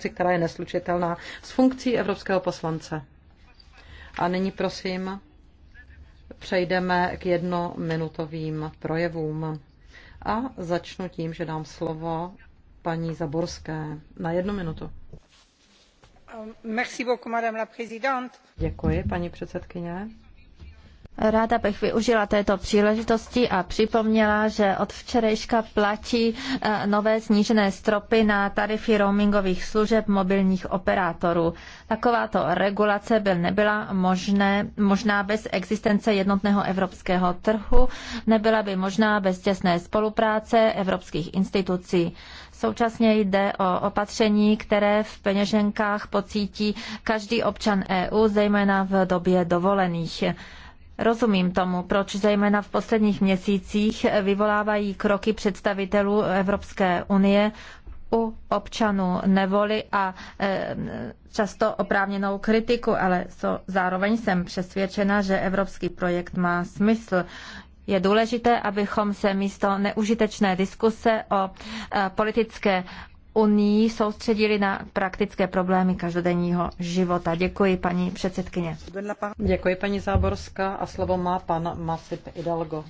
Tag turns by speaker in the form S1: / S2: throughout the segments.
S1: funkci, která je neslučitelná s funkcí evropského poslance. A nyní prosím přejdeme k jednominutovým projevům. A začnu tím, že dám slovo paní Zaborské na jednu minutu. Merci beaucoup, madame la Děkuji, paní předsedkyně.
S2: Ráda bych využila této příležitosti a připomněla, že od včerejška platí eh, nové snížené stropy na tarify roamingových služeb mobilních operátorů. Takováto regulace by nebyla možné, možná bez existence jednotného evropského trhu, nebyla by možná bez těsné spolupráce evropských institucí. Současně jde o opatření, které v peněženkách pocítí každý občan EU, zejména v době dovolených. Rozumím tomu, proč zejména v posledních měsících vyvolávají kroky představitelů Evropské unie u občanů nevoli a e, často oprávněnou kritiku, ale zároveň jsem přesvědčena, že evropský projekt má smysl. Je důležité, abychom se místo neužitečné diskuse o e, politické unii soustředili na praktické problémy každodenního života. Děkuji, paní předsedkyně.
S1: Děkuji, paní Záborská. A slovo má pan Masip Hidalgo.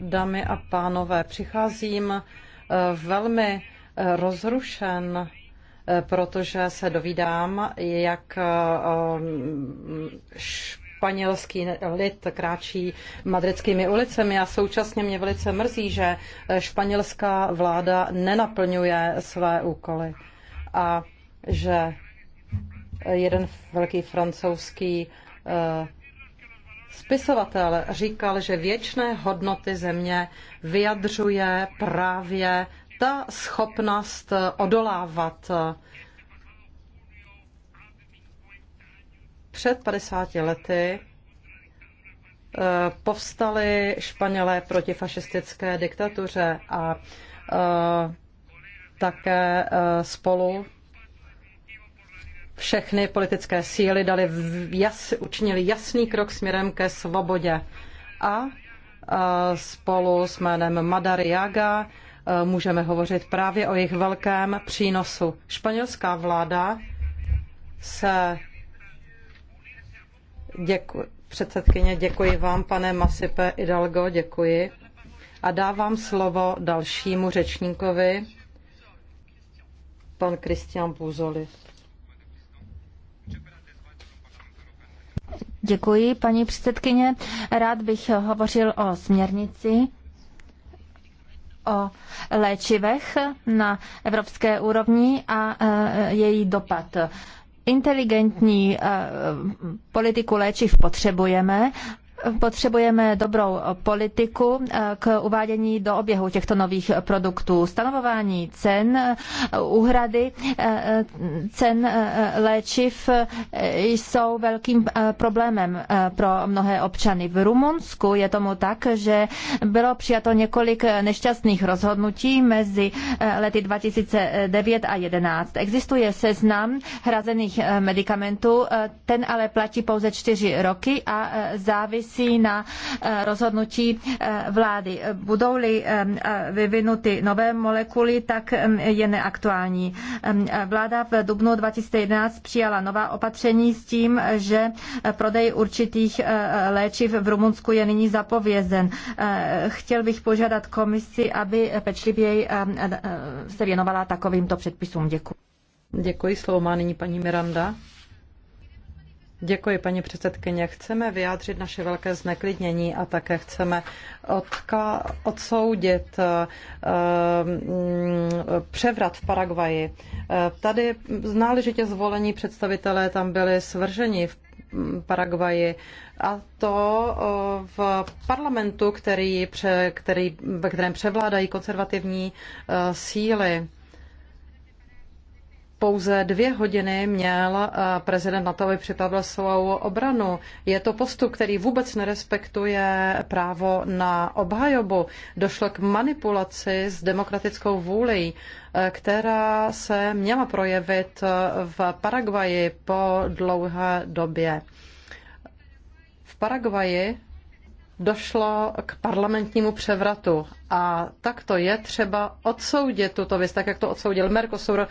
S1: Dámy a pánové, přicházím eh, velmi eh, rozrušen, eh, protože se dovídám, jak španělský lid kráčí madridskými ulicemi a současně mě velice mrzí, že španělská vláda nenaplňuje své úkoly a že jeden velký francouzský eh, spisovatel říkal, že věčné hodnoty země vyjadřuje právě ta schopnost odolávat Před 50 lety eh, povstali Španělé proti fašistické diktatuře a eh, také eh, spolu všechny politické síly dali jas, učinili jasný krok směrem ke svobodě. A spolu s jménem Madariaga můžeme hovořit právě o jejich velkém přínosu. Španělská vláda se Děkuji. Předsedkyně, děkuji vám, pane Masipe Hidalgo, děkuji. A dávám slovo dalšímu řečníkovi, pan Kristian Půzoli.
S2: Děkuji, paní předsedkyně. Rád bych hovořil o směrnici o léčivech na evropské úrovni a e, její dopad inteligentní eh, politiku léčiv potřebujeme, Potřebujeme dobrou politiku eh, k uvádění do oběhu těchto nových produktů. Stanovování cen, eh, úhrady eh, cen léčiv jsou velkým problémem pro mnohé občany. V Rumunsku je tomu tak, že bylo přijato několik nešťastných rozhodnutí mezi lety 2009 a 2011. Existuje seznam hrazených medicamentů, ten ale platí pouze čtyři roky a závisí závisí na eh, rozhodnutí eh, vlády. Budou-li eh, vyvinuty nové molekuly, tak je neaktuální. Vláda v dubnu 2011 přijala nová opatření s tím, že prodej určitých léčiv v Rumunsku je nyní zapovězen. Chtěl bych požádat komisi, aby pečlivěji se věnovala takovýmto předpisům. Děkuji. Děkuji,
S1: slovo má nyní paní Miranda. Děkuji, paní předsedkyně. Chceme vyjádřit naše velké zneklidnění a také chceme odka- odsoudit eh, mm, převrat v Paraguaji. Eh, tady náležitě zvolení představitelé tam byli svrženi v Paraguaji. A to eh, v parlamentu, který, pře, který, ve kterém převládají konzervativní síly pouze dvě hodiny měl eh, prezident Natovi připravil svou obranu. Je to postup, který vůbec nerespektuje právo na obhajobu. Došlo k manipulaci s demokratickou vůlí, eh, která se měla projevit eh, v Paraguaji po dlouhé době. V Paraguaji došlo k parlamentnímu převratu a tak to je třeba odsoudit tuto věc, tak jak to odsoudil Mercosur, eh,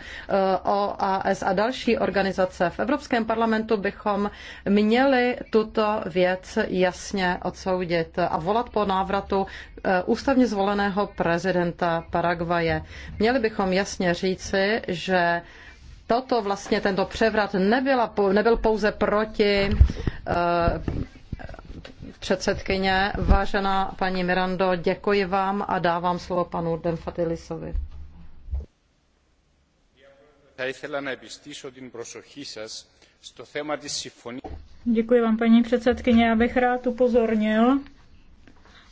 S1: OAS a další organizace. V Evropském parlamentu bychom měli tuto věc jasně odsoudit a volat po návratu eh, ústavně zvoleného prezidenta Paraguaje. Měli bychom jasně říci, že toto vlastně, tento převrat nebyla, nebyl pouze proti eh, předsedkyně. Vážená paní Mirando, děkuji vám a dávám slovo
S3: panu Denfatilisovi. Děkuji vám, paní předsedkyně. Já bych rád upozornil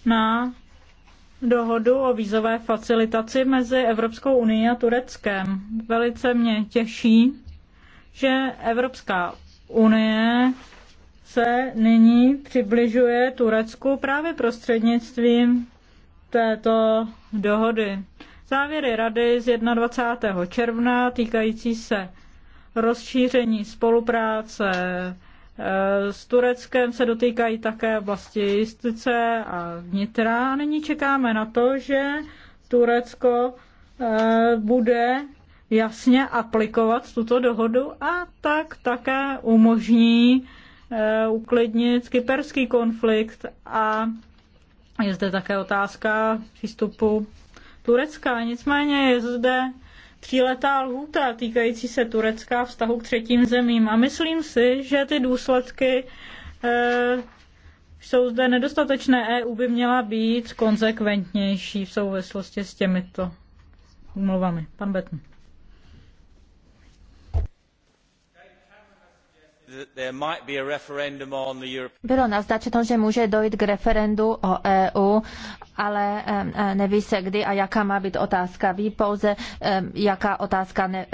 S3: na dohodu o vízové facilitaci mezi Evropskou unií a Tureckem. Velice mě těší, že Evropská unie se nyní přibližuje Turecku právě prostřednictvím této dohody. Závěry rady z 21. června týkající se rozšíření spolupráce eh, s Tureckem se dotýkají také oblasti justice a vnitra. A nyní čekáme na to, že Turecko eh, bude jasně aplikovat tuto dohodu a tak také umožní Eh, uklidnit kyperský konflikt a je zde také otázka přístupu Turecka. Nicméně je zde tříletá lhůta týkající se Turecka vztahu k třetím zemím a myslím si, že ty důsledky e, jsou zde nedostatečné. EU by měla být konzekventnější v souvislosti s těmito umluvami. Pan Betn. Bylo
S2: naznačeno, že může dojít k referendu o EU, ale e, neví se kdy a jaká má být otázka. Ví pouze, jaká otázka ne,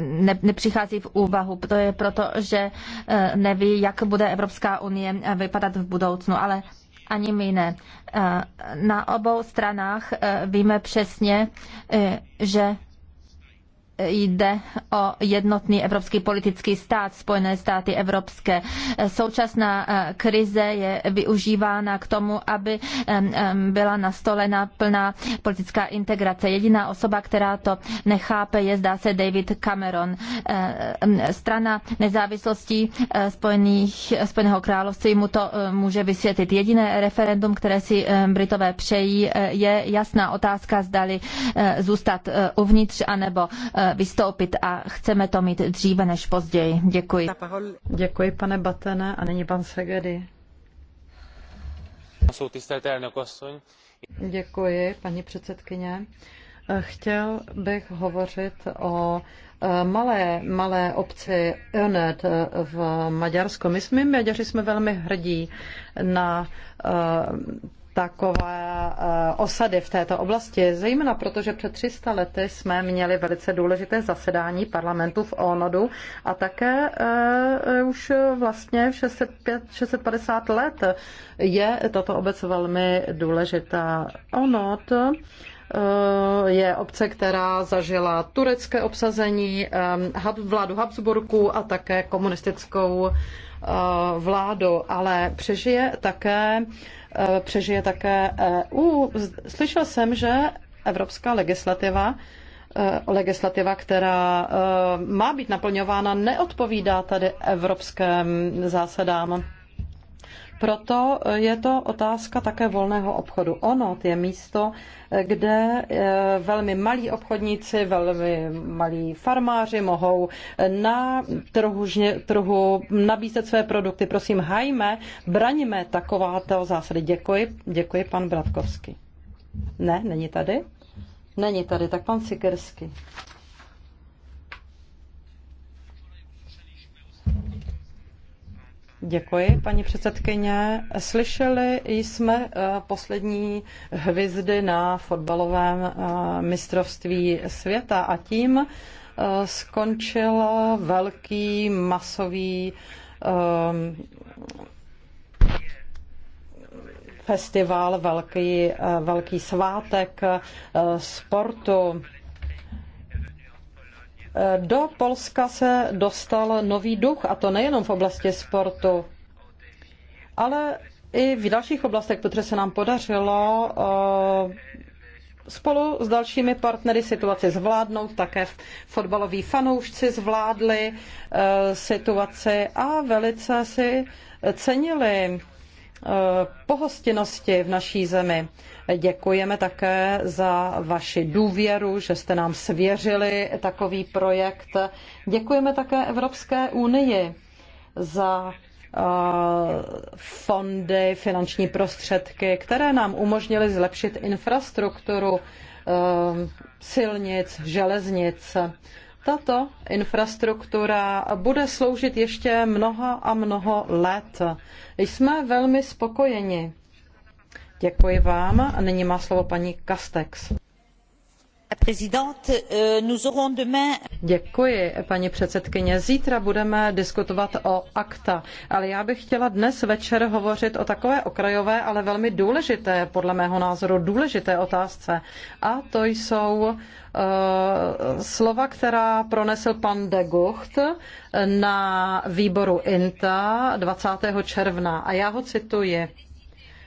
S2: ne, nepřichází v úvahu. To je proto, že neví, jak bude Evropská unie vypadat v budoucnu, ale ani my ne. Na obou stranách víme přesně, že jde o jednotný evropský politický stát, Spojené státy evropské. Současná eh, krize je využívána k tomu, aby byla nastolena plná politická integrace. Jediná osoba, která to nechápe, je zdá se David Cameron. Eh, strana nezávislosti eh, Spojených, Spojeného království mu to může vysvětlit. Jediné referendum, které si Britové přejí, je jasná otázka, zdali zůstat uvnitř anebo vystoupit a chceme to mít dříve než později. Děkuji. Děkuji, pane Batene, a nyní pan Segedy.
S1: Děkuji, paní předsedkyně. Chtěl bych hovořit o eh, malé, malé obci Önet eh, v Maďarsku. My jsme Maďaři jsme velmi hrdí na eh, takové eh, osady v této oblasti, zejména protože před 300 lety jsme měli velice důležité zasedání parlamentu v Onodu a také eh, už vlastně 605, 650 let je tato obec velmi důležitá. Onod eh, je obce, která zažila turecké obsazení, vládu Habsburků a také komunistickou vládu, ale přežije také Eh, přežije také eh, EU. Slyšel jsem, že evropská legislativa eh, legislativa, která má být naplňována, neodpovídá tady evropským zásadám. Proto je to otázka také volného obchodu. Ono je místo, kde eh, velmi malí obchodníci, velmi malí farmáři mohou na trhu, trhu nabízet své produkty. Prosím, hajme, braníme takováto zásady. Děkuji, děkuji pan Bratkovský. Ne, není tady? Není tady, tak pan Sikersky. Děkuji, paní předsedkyně. Slyšeli jsme eh, poslední hvězdy na fotbalovém eh, mistrovství světa a tím eh, skončil velký masový festival, velký, velký svátek sportu. Eh, do Polska se dostal nový duch, a to nejenom v oblasti sportu, ale i v dalších oblastech, protože se nám podařilo eh, spolu s dalšími partnery situaci zvládnout, také fotbaloví fanoušci zvládli eh, situaci a velice si cenili Eh, pohostinnosti v naší zemi. Děkujeme také za vaši důvěru, že jste nám svěřili takový projekt. Děkujeme také Evropské unii za eh, fondy, finanční prostředky, které nám umožnily zlepšit infrastrukturu eh, silnic, železnic. Tato infrastruktura bude sloužit ještě mnoha a mnoho let. Jsme velmi spokojeni. Děkuji vám. Nyní má slovo paní Kastex.
S3: Euh,
S1: Děkuji, paní předsedkyně. Zítra budeme diskutovat o akta, ale já bych chtěla dnes večer hovořit o takové okrajové, ale velmi důležité, podle mého názoru, důležité otázce. A to jsou uh, slova, která pronesl pan de Gucht na výboru INTA 20. června. A já ho cituji.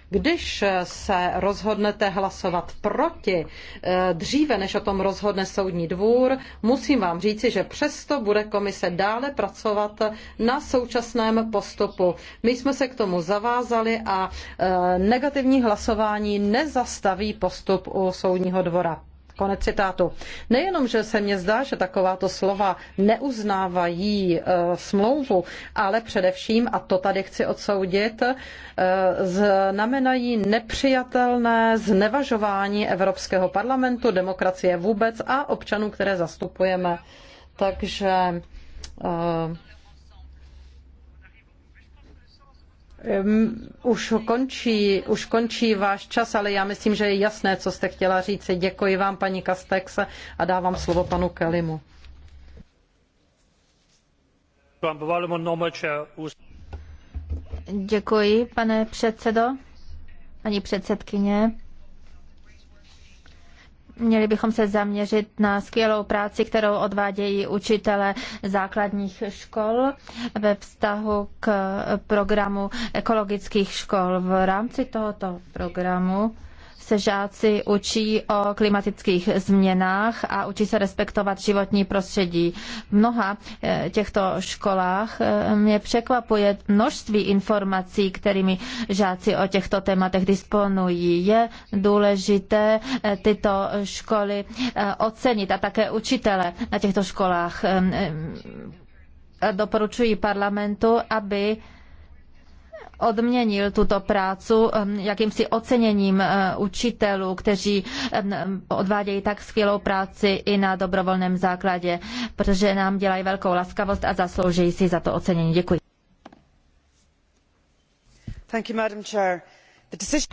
S1: Když se rozhodnete hlasovat proti eh, dříve, než o tom rozhodne soudní dvůr, musím vám říci, že přesto bude komise dále pracovat na současném postupu. My jsme se k tomu zavázali a eh, negativní hlasování nezastaví postup u soudního dvora. Konec citátu. Nejenom, že se mně zdá, že takováto slova neuznávají e, smlouvu, ale především, a to tady chci odsoudit, e, znamenají nepřijatelné znevažování Evropského parlamentu, demokracie vůbec a občanů, které zastupujeme. Takže e, už, končí, už končí váš čas, ale já myslím, že je jasné, co jste chtěla říct. Děkuji vám, paní Kastex, a dávám slovo panu Kelimu.
S2: Děkuji, pane předsedo, paní předsedkyně měli bychom se zaměřit na skvělou práci, kterou odvádějí učitele základních škol ve vztahu k programu ekologických škol. V rámci tohoto programu se žáci učí o klimatických změnách a učí se respektovat životní prostředí. V mnoha eh, těchto školách eh, mě překvapuje množství informací, kterými žáci o těchto tématech disponují. Je důležité eh, tyto školy ocenit a také učitele na těchto školách. Ehm, ehm, doporučuji parlamentu, aby odměnil tuto práci um, jakýmsi oceněním uh, učitelů, kteří um, odvádějí tak skvělou práci i na dobrovolném základě, protože nám dělají velkou laskavost a zaslouží si za to ocenění. Děkuji.
S1: Thank you, Madam Chair.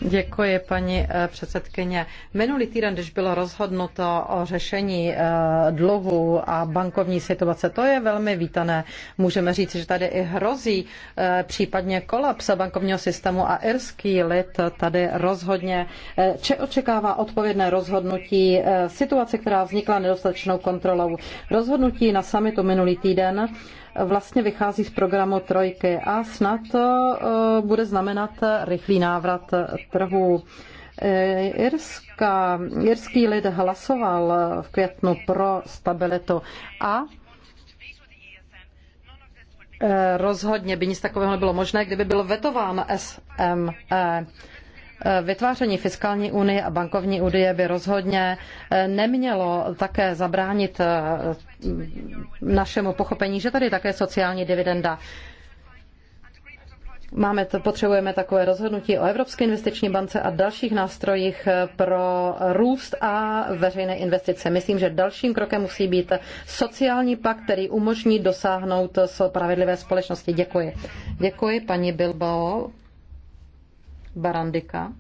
S1: Děkuji, paní eh, předsedkyně. Minulý týden, když bylo rozhodnuto o řešení eh, dluhu a bankovní situace, to je velmi vítané. Můžeme říct, že tady i hrozí eh, případně kolaps bankovního systému a irský lid tady rozhodně če očekává odpovědné rozhodnutí situace, která vznikla nedostatečnou kontrolou. Rozhodnutí na samitu minulý týden vlastně vychází z programu Trojky a snad to e, bude znamenat rychlý návrat trhu. E, irska, irský lid hlasoval v květnu pro stabilitu a e, rozhodně by nic takového nebylo možné, kdyby byl vetován SME. Eh, vytváření fiskální unie a bankovní unie by rozhodně eh, nemělo také zabránit eh, našemu pochopení, že tady také sociální dividenda. Máme to, potřebujeme takové rozhodnutí o Evropské investiční bance a dalších nástrojích pro růst a veřejné investice. Myslím, že dalším krokem musí být sociální pakt, který umožní dosáhnout spravedlivé společnosti. Děkuji. Děkuji, paní Bilbao. Barandika.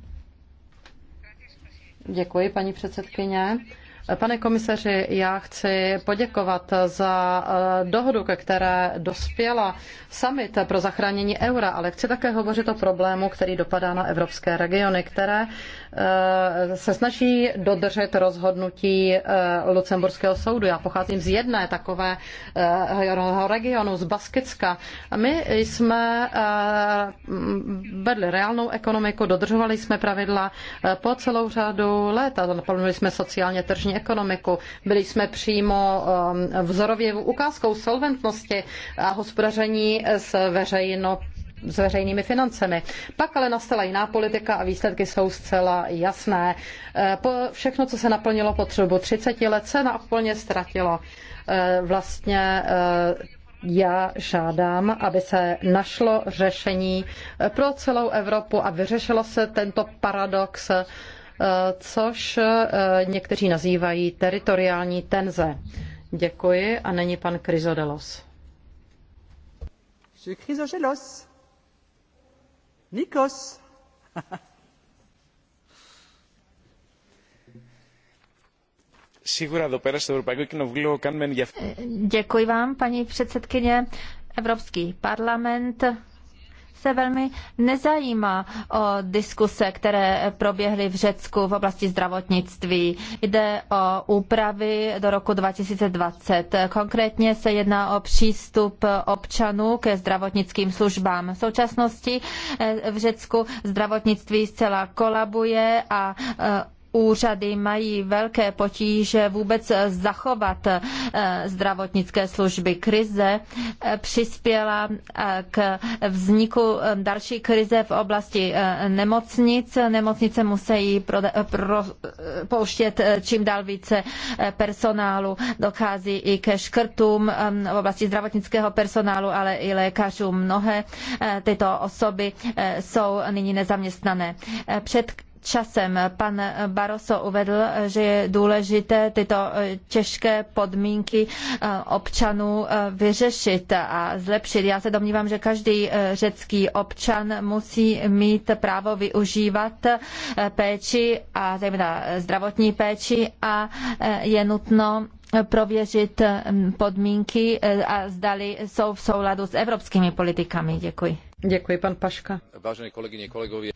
S1: Děkuji, paní předsedkyně. Pane komisaři, já chci poděkovat za eh, dohodu, ke které dospěla summit pro zachránění eura, ale chci také hovořit o problému, který dopadá na evropské regiony, které Eh, se snaží dodržet rozhodnutí eh, Lucemburského soudu. Já pocházím z jedné takové eh, regionu, z Baskicka. My jsme vedli reálnou ekonomiku, dodržovali jsme pravidla po celou řadu let a naplnili jsme sociálně tržní ekonomiku. Byli jsme přímo vzorově ukázkou solventnosti a hospodaření s veřejno s veřejnými financemi. Pak ale nastala jiná politika a výsledky jsou zcela jasné. Eh, všechno, co se naplnilo potřebu 30 let, se naplně ztratilo. Eh, vlastně eh, já žádám, aby se našlo řešení pro celou Evropu a vyřešilo se tento paradox, což někteří nazývají teritoriální tenze. Děkuji a není pan Kryzodelos. Kryzodelos.
S2: Nikos. Děkuji vám, paní předsedkyně. Evropský parlament se velmi nezajímá o diskuse, které proběhly v Řecku v oblasti zdravotnictví. Jde o úpravy do roku 2020. Konkrétně se jedná o přístup občanů ke zdravotnickým službám. V současnosti eh, v Řecku zdravotnictví zcela kolabuje a eh, úřady mají velké potíže vůbec zachovat eh, zdravotnické služby. Krize eh, přispěla eh, k vzniku další krize v oblasti nemocnic. Nemocnice musí pouštět čím dál více personálu. Dochází i ke škrtům v oblasti zdravotnického personálu, ale i lékařů. Mnohé tyto osoby jsou nyní nezaměstnané. Před časem. Pan Barroso uvedl, že je důležité tyto eh, těžké podmínky eh, občanů eh, vyřešit a zlepšit. Já se domnívám, že každý řecký občan musí mít právo využívat péči a zejména zdravotní péči a je nutno prověřit mm, podmínky a zdali jsou v souladu s evropskými politikami. Děkuji. Děkuji, pan Paška. Vážené kolegyně, kolegově.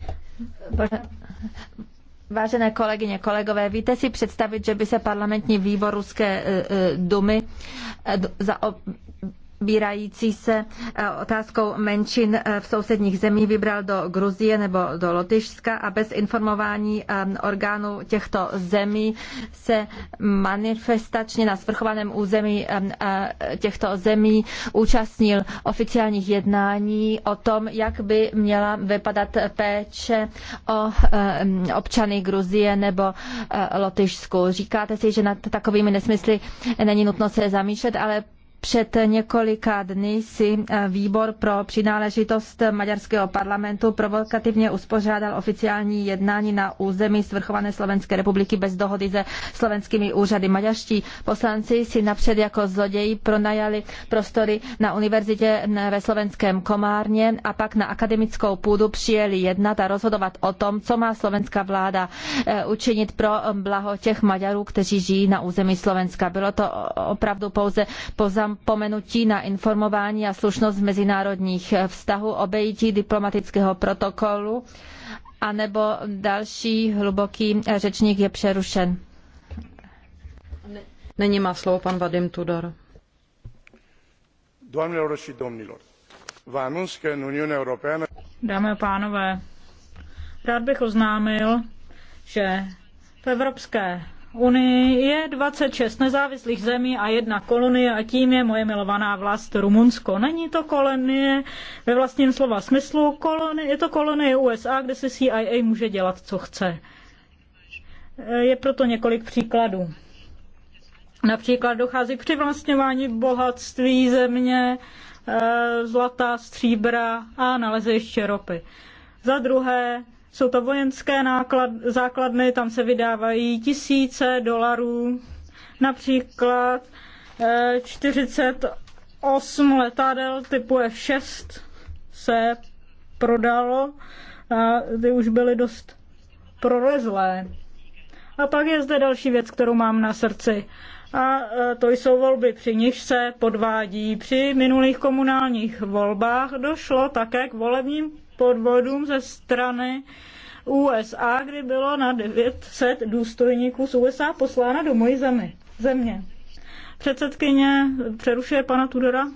S2: Vážené kolegyně, kolegové, víte si představit, že by se parlamentní výbor Ruské eh, eh, dumy eh, zabírající se eh, otázkou menšin eh, v sousedních zemí vybral do Gruzie nebo do Lotyšska a bez informování eh, orgánů těchto zemí se manifestačně na svrchovaném území těchto zemí účastnil oficiálních jednání o tom, jak by měla vypadat péče o občany Gruzie nebo Lotyšsku. Říkáte si, že nad takovými nesmysly není nutno se zamýšlet, ale před několika dny si eh, výbor pro přináležitost maďarského parlamentu provokativně uspořádal oficiální jednání na území svrchované Slovenské republiky bez dohody se slovenskými úřady. Maďarští poslanci si napřed jako zloději pronajali prostory na univerzitě ve slovenském Komárně a pak na akademickou půdu přijeli jednat a rozhodovat o tom, co má slovenská vláda eh, učinit pro blaho těch Maďarů, kteří žijí na území Slovenska. Bylo to opravdu pouze pozam napomenutí na informování a slušnost mezinárodních vztahů, obejití diplomatického protokolu, anebo další hluboký řečník je přerušen. Není má slovo pan Vadim Tudor.
S3: Dámy a pánové, rád bych oznámil, že v Evropské unii je 26 nezávislých zemí a jedna kolonie a tím je moje milovaná vlast Rumunsko. Není to kolonie ve vlastním slova smyslu, kolonie, je to kolonie USA, kde se CIA může dělat, co chce. Je proto několik příkladů. Například dochází k přivlastňování bohatství země, e, zlata, stříbra a ještě ropy. Za druhé, jsou to vojenské náklad, základny, tam se vydávají tisíce dolarů. Například 48 eh, letadel typu F6 se prodalo a ty už byly dost prolezlé. A pak je zde další věc, kterou mám na srdci. A eh, to jsou volby, při nich se podvádí. Při minulých komunálních volbách došlo také k volebním podvodům ze strany USA, kdy bylo na 900 důstojníků z USA poslána do mojí zemi, země. Předsedkyně přerušuje pana Tudora.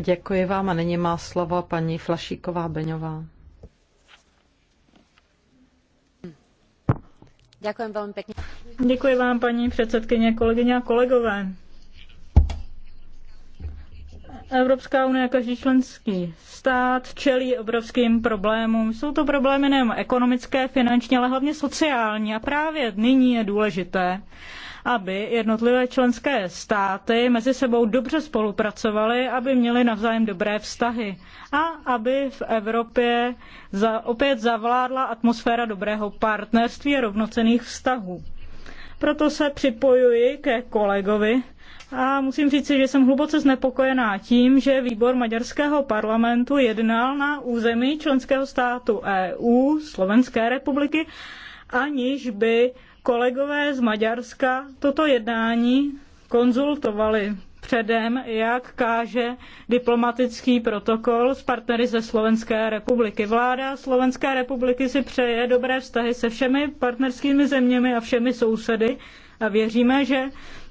S1: Děkuji vám a nyní má slovo paní Flašíková Beňová.
S3: Děkuji vám pěkně. Děkuji vám, paní předsedkyně, kolegyně a kolegové. Evropská unie, jako každý členský stát čelí obrovským problémům. Jsou to problémy nejen ekonomické, finanční, ale hlavně sociální. A právě nyní je důležité, aby jednotlivé členské státy mezi sebou dobře spolupracovaly, aby měly navzájem dobré vztahy a aby v Evropě za, opět zavládla atmosféra dobrého partnerství a rovnocených vztahů. Proto se připojuji ke kolegovi, a musím říci, že jsem hluboce znepokojená tím, že výbor maďarského parlamentu jednal na území členského státu EU, Slovenské republiky, aniž by kolegové z Maďarska toto jednání konzultovali předem, jak káže diplomatický protokol s partnery ze Slovenské republiky. Vláda Slovenské republiky si přeje dobré vztahy se všemi partnerskými zeměmi a všemi sousedy a věříme, že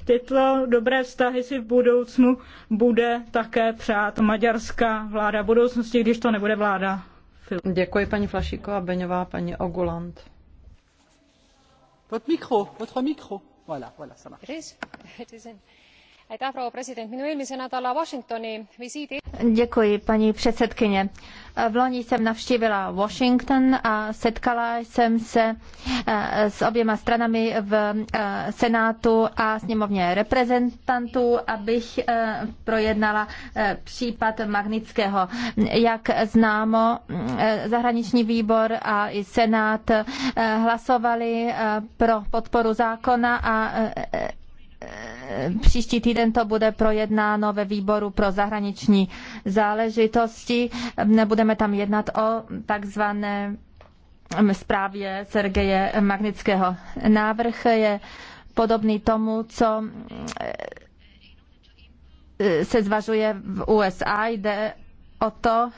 S3: Tyto dobré vztahy si v budoucnu bude také přát maďarská vláda v budoucnosti, když to nebude vláda. Děkuji paní a Beňová, paní Ogulant. Votre micro, votre micro. Voilà, voilà, ça
S2: marche. Děkuji, paní předsedkyně. V loni jsem navštívila Washington a setkala jsem se eh, s oběma stranami v eh, Senátu a sněmovně reprezentantů, abych eh, projednala případ Magnického. Jak známo, mm, zahraniční výbor a i Senát hlasovali pro podporu zákona a Příští týden to bude projednáno ve výboru pro zahraniční záležitosti. Budeme tam jednat o takzvané zprávě Sergeje Magnického. Návrh je podobný tomu, co e, se zvažuje v USA. Jde o to,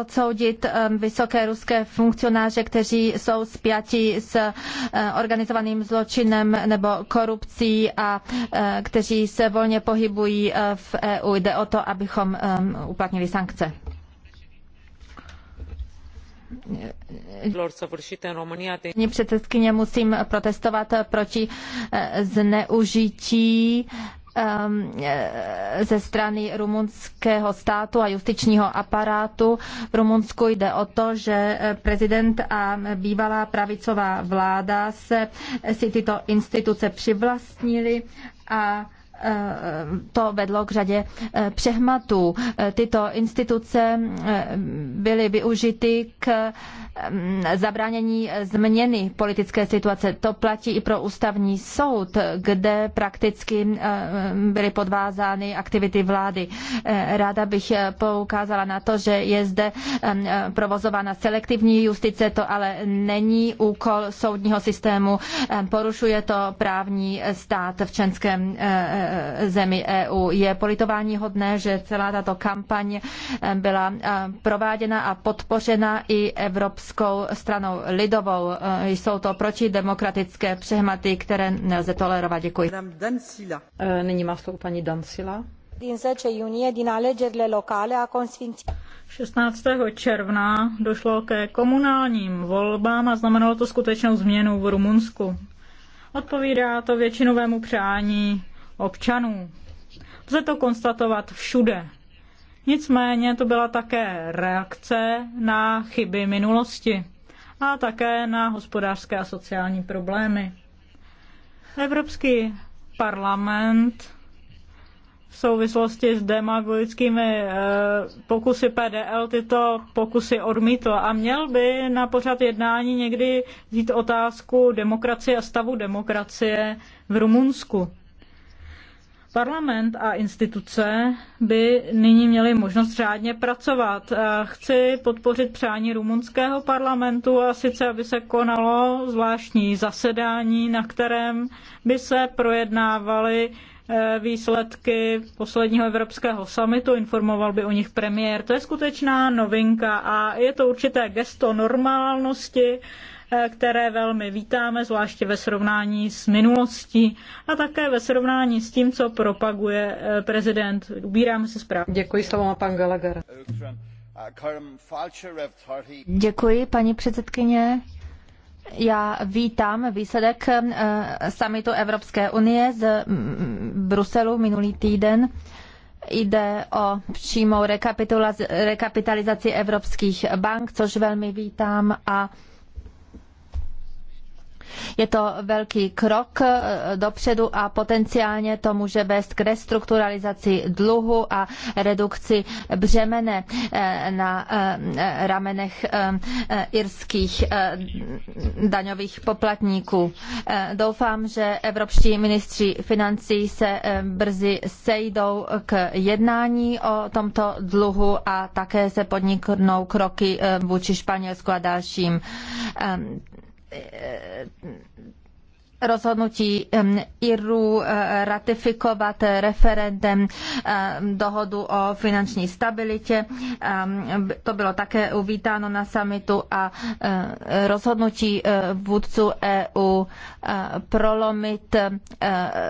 S2: odsoudit eh, vysoké ruské funkcionáře, kteří jsou spjati s eh, organizovaným zločinem nebo korupcí a eh, kteří se volně pohybují v EU. Jde o to, abychom uplatnili sankce. Paní předsedkyně, musím protestovat proti zneužití Um, eh, ze strany rumunského státu a justičního aparátu. V Rumunsku jde o to, že eh, prezident a bývalá pravicová vláda se eh, si tyto instituce přivlastnili a to vedlo k řadě eh, přehmatů. Eh, tyto instituce eh, byly využity k mm, zabránění změny politické situace. To platí i pro ústavní soud, kde prakticky byly podvázány aktivity vlády. Ráda bych poukázala na to, že je zde provozována selektivní justice, to ale není úkol soudního systému. Porušuje to právní stát v členském zemi EU. Je politování hodné, že celá tato kampaň eh, byla eh, prováděna a podpořena i Evropskou stranou lidovou. Eh, jsou to protidemokratické přehmaty, které nelze tolerovat. Děkuji.
S3: Nyní má slovo paní Dansila. 16. června došlo ke komunálním volbám a znamenalo to skutečnou změnu v Rumunsku. Odpovídá to většinovému přání občanů. Lze to konstatovat všude. Nicméně to byla také reakce na chyby minulosti a také na hospodářské a sociální problémy. Evropský parlament v souvislosti s demagogickými eh, pokusy PDL tyto pokusy odmítl a měl by na pořad jednání někdy vzít otázku demokracie a stavu demokracie v Rumunsku. Parlament a instituce by nyní měly možnost řádně pracovat. Chci podpořit přání rumunského parlamentu a sice, aby se konalo zvláštní zasedání, na kterém by se projednávaly e, výsledky posledního evropského summitu, informoval by o nich premiér. To je skutečná novinka a je to určité gesto normálnosti Eh, které velmi vítáme, zvláště ve srovnání s minulostí a také ve srovnání s tím, co propaguje eh, prezident. Ubíráme se správně. Děkuji, slovo má pan Gallagher. Děkuji, paní předsedkyně.
S2: Já vítám výsledek eh, samitu Evropské unie z mm, Bruselu minulý týden. Jde o přímou rekapitalizaci evropských bank, což velmi vítám a je to velký krok eh, dopředu a potenciálně to může vést k restrukturalizaci dluhu a redukci břemene eh, na eh, ramenech irských daňových poplatníků. Doufám, že evropští ministři financí se brzy sejdou k jednání o tomto dluhu a také se podniknou kroky vůči Španělsku a dalším Eh, rozhodnutí Iru eh, ratifikovat referendem eh, dohodu o finanční stabilitě. To bylo také uvítáno na samitu a rozhodnutí vůdců EU prolomit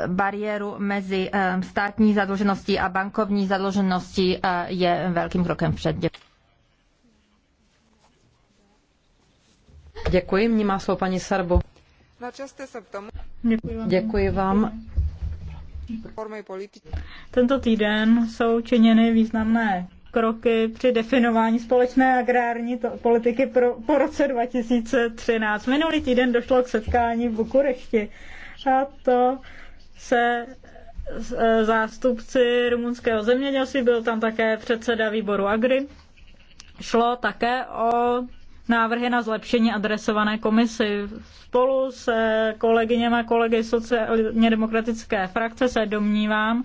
S2: bariéru mezi státní zadlužeností a bankovní zadlužeností je velkým krokem vpřed. Děkuji, mní
S1: má
S3: slovo paní Děkuji vám. Tento týden jsou činěny významné kroky při definování společné agrární politiky pro, po roce 2013. Minulý týden došlo k setkání v Bukurešti a to se e, zástupci rumunského zemědělství, byl tam také předseda výboru Agri. Šlo také o návrhy na zlepšení adresované komisi. Spolu s kolegyněmi a kolegy sociálně demokratické frakce se domnívám,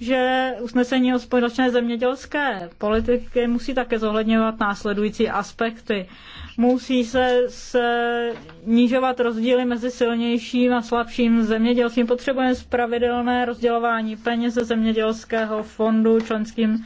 S3: že usnesení o společné zemědělské politiky musí také zohledňovat následující aspekty. Musí se snižovat rozdíly mezi silnějším a slabším zemědělstvím. Potřebujeme spravedlné rozdělování peněz ze zemědělského fondu členským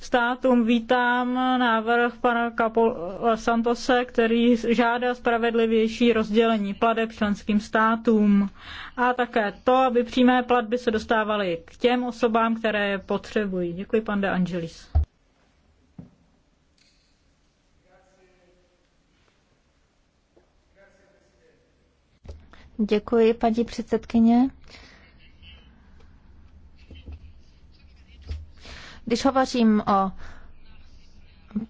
S3: státům. Vítám návrh pana Capo Santose, který žádá spravedlivější rozdělení pladeb členským státům a také to, aby přímé platby se dostávaly k těm osobám, které je potřebují. Děkuji, pan De Angelis.
S2: Děkuji, paní předsedkyně. Když hovořím o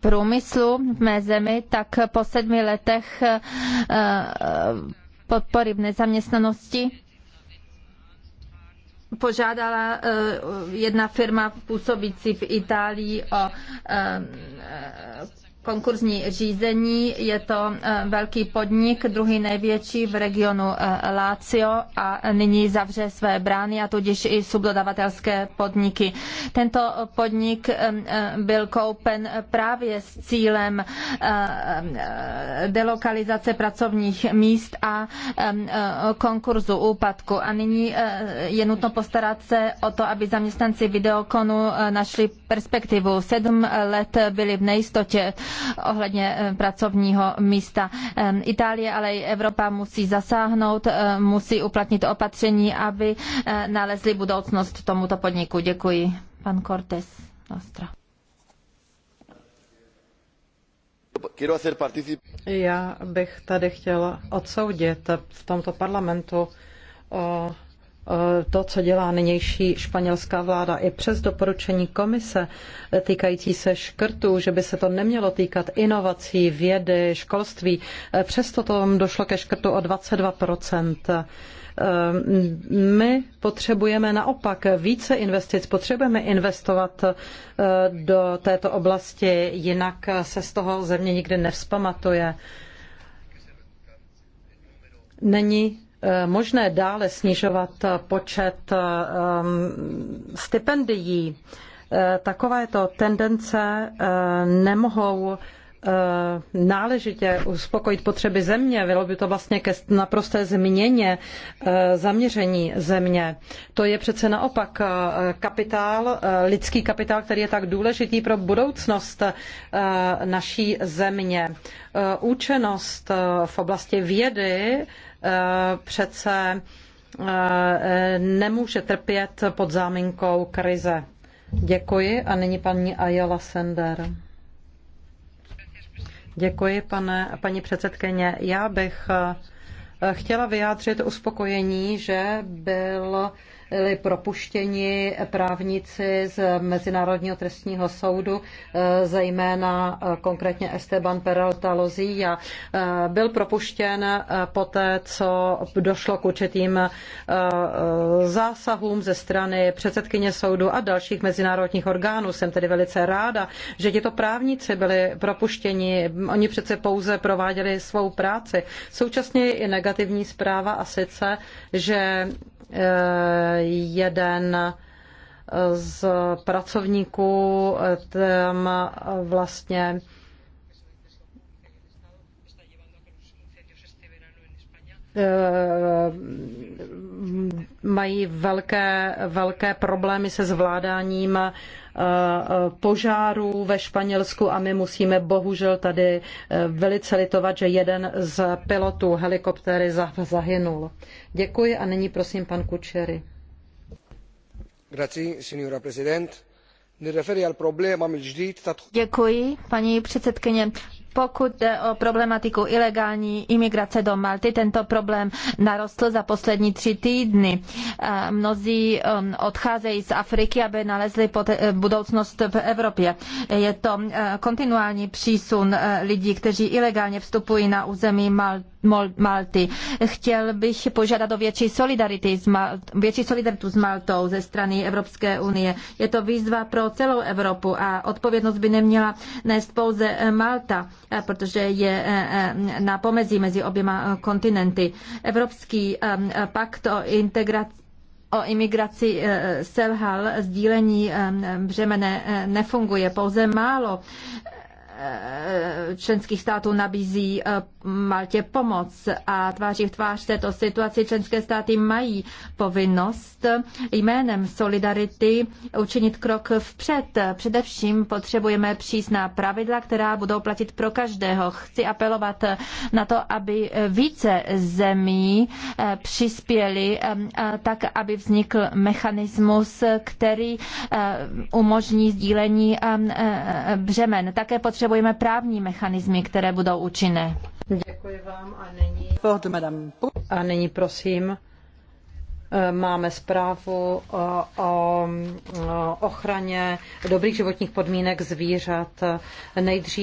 S2: průmyslu v mé zemi, tak po sedmi letech eh, podpory v nezaměstnanosti požádala eh, jedna firma působící v Itálii o eh, konkurzní řízení. Je to eh, velký podnik, druhý největší v regionu eh, Lazio a nyní zavře své brány a tudíž i subdodavatelské podniky. Tento podnik eh, byl koupen právě s cílem delokalizace pracovních míst a konkurzu úpadku. A nyní je nutno postarat se o to, aby zaměstnanci videokonu našli perspektivu. Sedm let byli v nejistotě ohledně eh, pracovního místa. Ehm, Itálie, ale i Evropa musí zasáhnout, eh, musí uplatnit opatření, aby eh, nalezli budoucnost tomuto podniku. Děkuji. Pan Cortés Nostra. Já bych tady chtěla
S1: odsoudit v tomto parlamentu to, co dělá nynější španělská vláda, i přes doporučení komise týkající se škrtů, že by se to nemělo týkat inovací, vědy, školství, přesto to došlo ke škrtu o 22 ehm, my potřebujeme naopak více investic, potřebujeme investovat eh, do této oblasti, jinak se z toho země nikdy nevzpamatuje. Není Eh, možné dále snižovat počet ehm, stipendií. Eh, takovéto tendence eh, nemohou náležitě uspokojit potřeby země. Bylo by to vlastně ke naprosté změně zaměření země. To je přece naopak kapitál, lidský kapitál, který je tak důležitý pro budoucnost naší země. Účenost v oblasti vědy Eh, přece eh, nemůže trpět pod záminkou krize. Děkuji a nyní paní Ayala Sender. Děkuji, pane, paní předsedkyně. Já bych eh, chtěla vyjádřit uspokojení, že byl byli propuštěni právníci z Mezinárodního trestního soudu, eh, zejména eh, konkrétně Esteban Peralta Lozí, a eh, Byl propuštěn poté, co došlo k určitým zásahům ze strany předsedkyně soudu a dalších mezinárodních orgánů. Jsem tedy velice ráda, že tito právníci byli propuštěni. Oni přece pouze prováděli svou práci. Současně je i negativní zpráva a sice, že jeden z pracovníků tam vlastně mají velké, velké problémy se zvládáním Eh, eh, požárů ve Španělsku a my musíme bohužel tady eh, velice litovat, že jeden z pilotů helikoptéry zahynul. Děkuji a nyní prosím pan Kučery.
S2: Děkuji, paní předsedkyně pokud jde o problematiku ilegální imigrace do Malty, tento problém narostl za poslední tři týdny. Eh, mnozí ehm, odcházejí z Afriky, aby nalezli eh, budoucnost v Evropě. Je to eh, kontinuální přísun lidí, kteří ilegálně vstupují na území Malty. Chtěl bych požádat o větší, solidarity s Malt, větší solidaritu s Maltou ze strany Evropské unie. Je to výzva pro celou Evropu a odpovědnost by neměla nést pouze Malta Eh, protože je eh, eh, na pomezí mezi oběma kontinenty. Evropský pakt o integraci o imigraci selhal, sdílení břemene nefunguje. Pouze málo členských států nabízí eh, Maltě pomoc a tváří v tvář této situaci členské státy mají povinnost jménem solidarity učinit krok vpřed. Především potřebujeme přísná pravidla, která budou platit pro každého. Chci apelovat na to, aby více zemí eh, přispěli eh, tak, aby vznikl mechanismus, který umožní sdílení břemen. Také potřebujeme potřebujeme právní mechanismy, které budou účinné.
S1: Děkuji vám a
S2: nyní... A nyní prosím, eh, máme zprávu eh,
S1: o, o eh, ochraně dobrých životních podmínek zvířat nejdřív